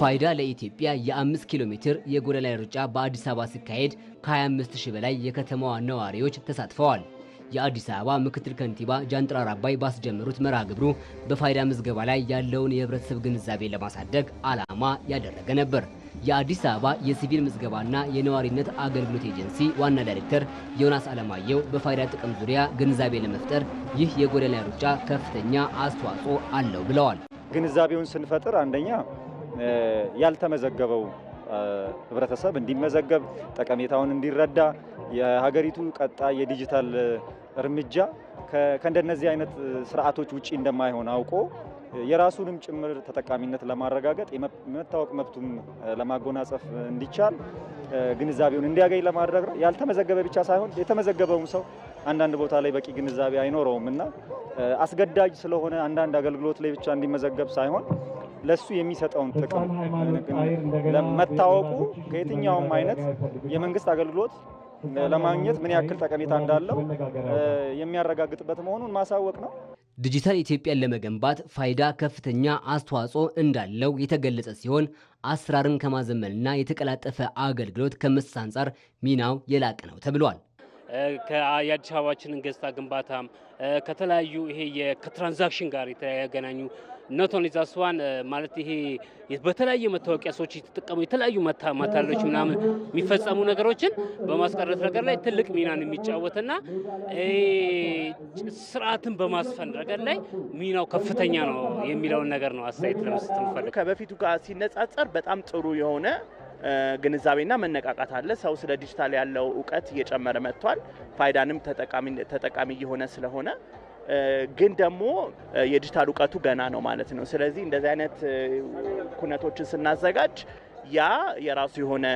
ፋይዳ ለኢትዮጵያ የ5 ኪሎ ሜትር የጎዳና ላይ ሩጫ በአዲስ አበባ ሲካሄድ ከ25 ሺህ በላይ የከተማዋ ነዋሪዎች ተሳትፈዋል። የአዲስ አበባ ምክትል ከንቲባ ጃንጥራር አባይ ባስጀመሩት መርሃ ግብሩ በፋይዳ ምዝገባ ላይ ያለውን የህብረተሰብ ግንዛቤ ለማሳደግ ዓላማ ያደረገ ነበር። የአዲስ አበባ የሲቪል ምዝገባና የነዋሪነት አገልግሎት ኤጀንሲ ዋና ዳይሬክተር ዮናስ አለማየሁ በፋይዳ ጥቅም ዙሪያ ግንዛቤ ለመፍጠር ይህ የጎዳና ሩጫ ከፍተኛ አስተዋጽኦ አለው ብለዋል። ግንዛቤውን ስንፈጥር አንደኛ ያልተመዘገበው ህብረተሰብ እንዲመዘገብ ጠቀሜታውን እንዲረዳ የሀገሪቱ ቀጣይ የዲጂታል እርምጃ ከእንደነዚህ አይነት ስርዓቶች ውጪ እንደማይሆን አውቆ የራሱንም ጭምር ተጠቃሚነት ለማረጋገጥ የመታወቅ መብቱም ለማጎናጸፍ እንዲቻል ግንዛቤውን እንዲያገኝ ለማድረግ ነው። ያልተመዘገበ ብቻ ሳይሆን የተመዘገበውም ሰው አንዳንድ ቦታ ላይ በቂ ግንዛቤ አይኖረውም እና አስገዳጅ ስለሆነ አንዳንድ አገልግሎት ላይ ብቻ እንዲመዘገብ ሳይሆን ለሱ የሚሰጠውን ጥቅም ለመታወቁ ከየትኛውም አይነት የመንግስት አገልግሎት ለማግኘት ምን ያክል ጠቀሜታ እንዳለው የሚያረጋግጥበት መሆኑን ማሳወቅ ነው። ዲጂታል ኢትዮጵያን ለመገንባት ፋይዳ ከፍተኛ አስተዋጽኦ እንዳለው የተገለጸ ሲሆን አሰራርን ከማዘመንና የተቀላጠፈ አገልግሎት ከመስጠት አንጻር ሚናው የላቀ ነው ተብሏል። የአዲስ አበባችንን ገጽታ ግንባታም ከተለያዩ ይሄ ከትራንዛክሽን ጋር የተገናኙ ኖቶን ዛስዋን ማለት ይሄ በተለያየ መታወቂያ ሰዎች የተጠቀሙ የተለያዩ ማታለሎች ምናምን የሚፈጸሙ ነገሮችን በማስቀረት ነገር ላይ ትልቅ ሚናን የሚጫወትና ስርዓትን በማስፈን ነገር ላይ ሚናው ከፍተኛ ነው የሚለውን ነገር ነው አስተያየት ለመስጠት ከበፊቱ ጋር ሲነጻጸር በጣም ጥሩ የሆነ ግንዛቤና መነቃቃት አለ። ሰው ስለ ዲጂታል ያለው እውቀት እየጨመረ መጥቷል። ፋይዳንም ተጠቃሚ እየሆነ ስለሆነ ግን ደግሞ የዲጂታል እውቀቱ ገና ነው ማለት ነው። ስለዚህ እንደዚህ አይነት ኩነቶችን ስናዘጋጅ ያ የራሱ የሆነ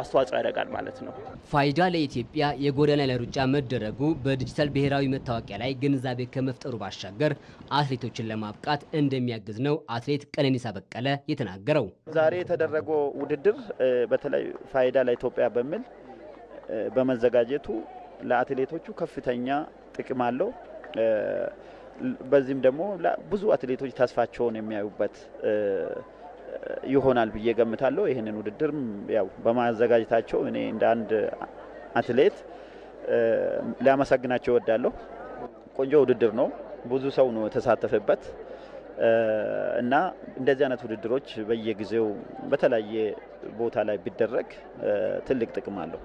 አስተዋጽኦ ያደርጋል ማለት ነው። ፋይዳ ለኢትዮጵያ የጎዳና ላይ ሩጫ መደረጉ በዲጂታል ብሔራዊ መታወቂያ ላይ ግንዛቤ ከመፍጠሩ ባሻገር አትሌቶችን ለማብቃት እንደሚያግዝ ነው አትሌት ቀነኒሳ በቀለ የተናገረው። ዛሬ የተደረገው ውድድር በተለይ ፋይዳ ለኢትዮጵያ በሚል በመዘጋጀቱ ለአትሌቶቹ ከፍተኛ ጥቅም አለው። በዚህም ደግሞ ብዙ አትሌቶች ተስፋቸውን የሚያዩበት ይሆናል ብዬ ገምታለሁ። ይህንን ውድድርም ያው በማዘጋጀታቸው እኔ እንደ አንድ አትሌት ሊያመሰግናቸው እወዳለሁ። ቆንጆ ውድድር ነው። ብዙ ሰው ነው የተሳተፈበት እና እንደዚህ አይነት ውድድሮች በየጊዜው በተለያየ ቦታ ላይ ቢደረግ ትልቅ ጥቅም አለው።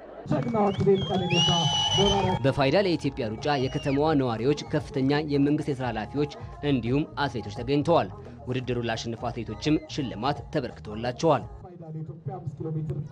በፋይዳ ለኢትዮጵያ ሩጫ የከተማዋ ነዋሪዎች፣ ከፍተኛ የመንግስት የስራ ኃላፊዎች እንዲሁም አትሌቶች ተገኝተዋል። ውድድሩን ላሸነፉ አትሌቶችም ሽልማት ተበርክቶላቸዋል።